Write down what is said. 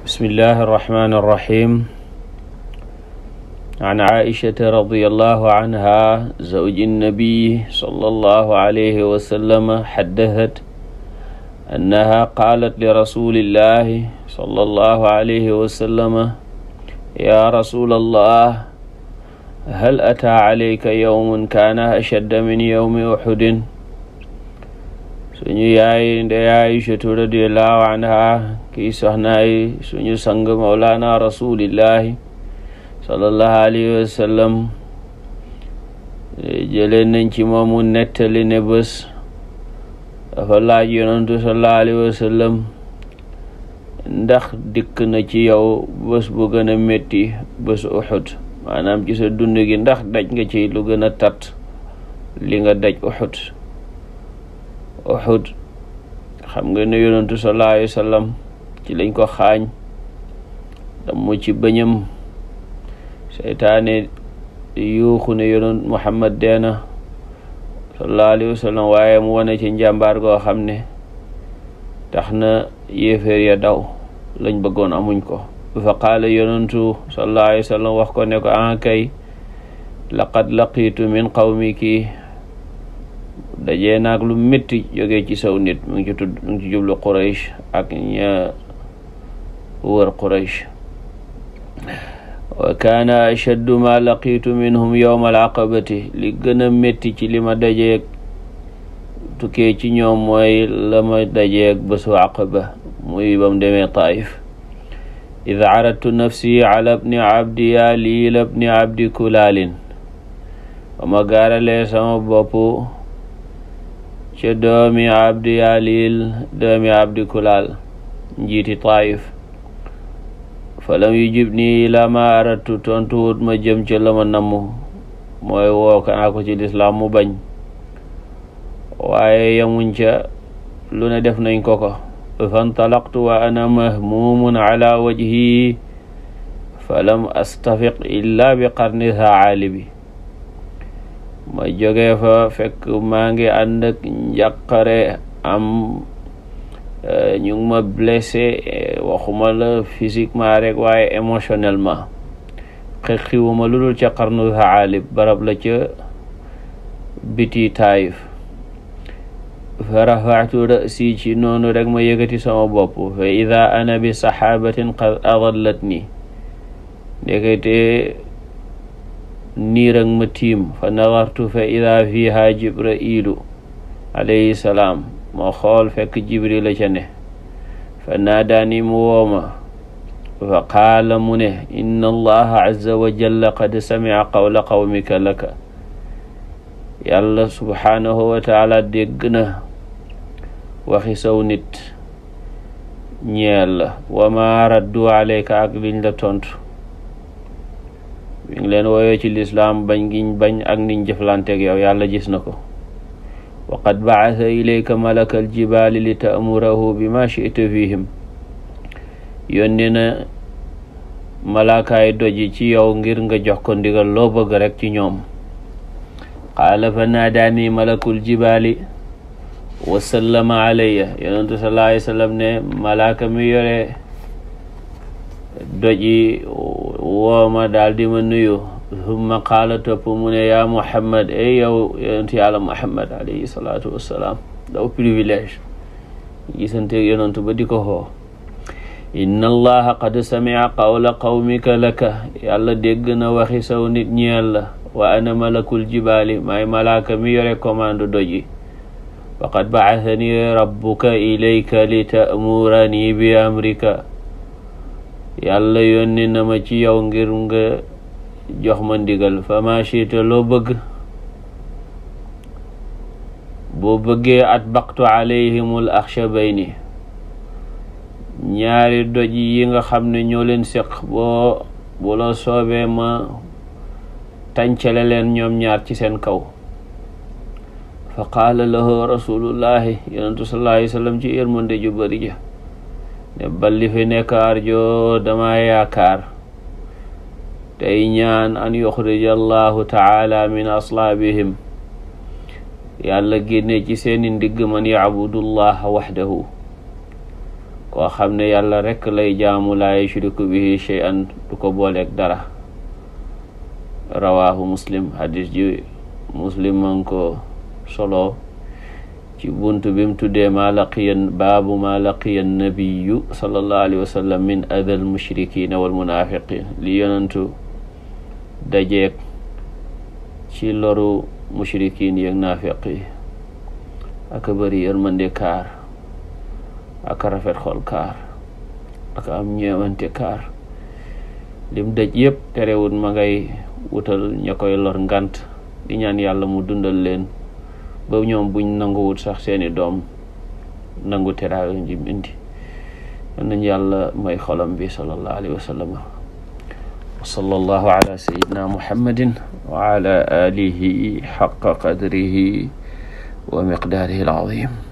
bismillahi irrahmani irrahim an aishata radiallahu anha zawji nnabiyi sallallahu alayhi wa sallama haddathat annaha qaalat li rasulillahi sallallahu alayhi wa sallama ya rasulallah hal ataa alayka yawmun kaana ashadda min yawmi uhudin suñu yaay nde Aysatu radiyallahu anha kii soxnaay suñu sang mawlaana rasulillahi sallallahu alayhi wa sallam jëlee nañ ci moomu nettali ne bés dafa laaj yonantu sallallahu alayhi wa ndax dikk na ci yow bés bu gën a metti bés Uhud maanaam ci sa dund gi ndax daj nga ci lu gën a tat li nga daj Uhud Uhud xam nga ne yonentu sallallahu alayhi ci lañ ko xaañ damu ci bëñam seytaane yuuxu ne yonent Muhammad deena sallallahu alayhi waaye mu wane ci njàmbaar goo xam ne tax na yéeféer ya daw lañ bëggoon amuñ ko fa qaala yonentu sallallahu alayhi wa wax ko ne ko an ah kay laqad laqiitu min qawmiki dajee naag lu métti jógee ci saw nit mu ngi ci tudd mu ngi ci jublu Quraysh ak ña wër Quraysh wa kaana ashaddu ma laqitu minhum li gën a métti ci li ma dajeeg tukkee ci ñoom mooy la ma dajeeg bésu aqaba muy bam demee Taif id aradtu nafsi ala bni abdi yaa liila bni abdi kulaalin ba ma gaaralee sama bopp ca doomi abdi yalil doomi abdi kulaal njiiti taayif falam yu jib nii la ma aratu tontuwut ma jëm ca la ma namm mooy woo kanaa ko ci lislaam mu bañ waaye yamuñ ca lu ne def nañ ko ko fantalaqtu wa ana mahmumun ala wajhi falam astafiq illa bi qarni saali bi ma jógee fekk maa ngi ànd ak njàqare am e, ñu ngi ma blessé e, waxuma la physiquement rek waaye émotionnellement xexiwuma lu dul ca xarnu haalib barab la ca biti taayif fa rafaatu rasi ci noonu rek ma yëkkati sama bopp fa ida ana bi saxaabatin qad adallat ni ndekete niirang ma tiim fa nadartu fa ida fiha jibrailu alayhi salaam ma xool fekk jibril a ca ne fa naadaani mu wooma fa qaala mu ne inna allaha azza wa jalla qad samica qawla qawmika laka yàlla subhaanahu wa taala dégg na waxi saw nit ñeel la wa ma raddu alayka ak liñ la tontu bi ngi ci lislaam bañ ngiñ bañ ak niñ jëflanteeg yow yàlla gis na ko wa qad ilayka malaka aljibaali li taamurahu bi ma chita fihim yónni na malaakaay doji ci yow ngir nga jox ko ndigal loo ci ñoom qaala fa naadaani malakul jibaali wa sallama alayya yonentu sallallahu alayhi wa ne malaaka mi yore doji wooma daal di ma nuyu humma qaala topp mu ne yaa Muhammad e yow yonent yàlla Muhammad alayhi salaatu wassalaam daw privilège gisante yonentu ba di ko xoo inna allaha qad sami'a qawla qawmika laka yàlla dégg na waxi saw nit ñeel la wa ana malakul jibaali maay malaaka mi yore commande doji wa qad ba'athani rabbuka ilayka li ta'murani bi amrika yàlla yónni na ma ci yow ngir nga jox ma ndigal fa ma shiita loo bëgg boo bëggee at baqtu alayhimul axshabayni ñaari doj yi nga xam ne ñoo leen séq boo bu soobee ma tàncale leen ñoom ñaar ci seen kaw fa qaala lahu rasulullahi yonentu sallallahu alayhi ci yërmande ju bari nebbal li fi nekk arjo dama yaakaar tey ñaan an yuxrija allahu taala min aslaabihim yàlla génne ci seeni ndigg man yacbudullah waxdahu koo xam ne yàlla rekk lay jaamu laa yushriku bihi shay'an du ko booleeg dara rawaahu muslim hadis ji muslim man ko solo ci bunt bi mu tuddee maa laqiya baabu maa laqiya nabiyu sallallahu alayhi wa min adal mushrikina wal munafiqin li yonentu ci loru mushrikin yeeg naafiq aka bëri yërmande kaar aka rafet xol kaar aka am ñeewante kaar lim daj yëpp terewut ma wutal ña lor ngant di ñaan yàlla mu dundal leen ba ñoom buñ nanguwut sax seeni doom nangu teraanga ji indi yal nañ yàlla may xolam bi sallallahu alayhi wa sallam wa sallallahu ala sayyidina muhammadin wa ala alihi xaqa qadrihi wa miqdaarihi al-azim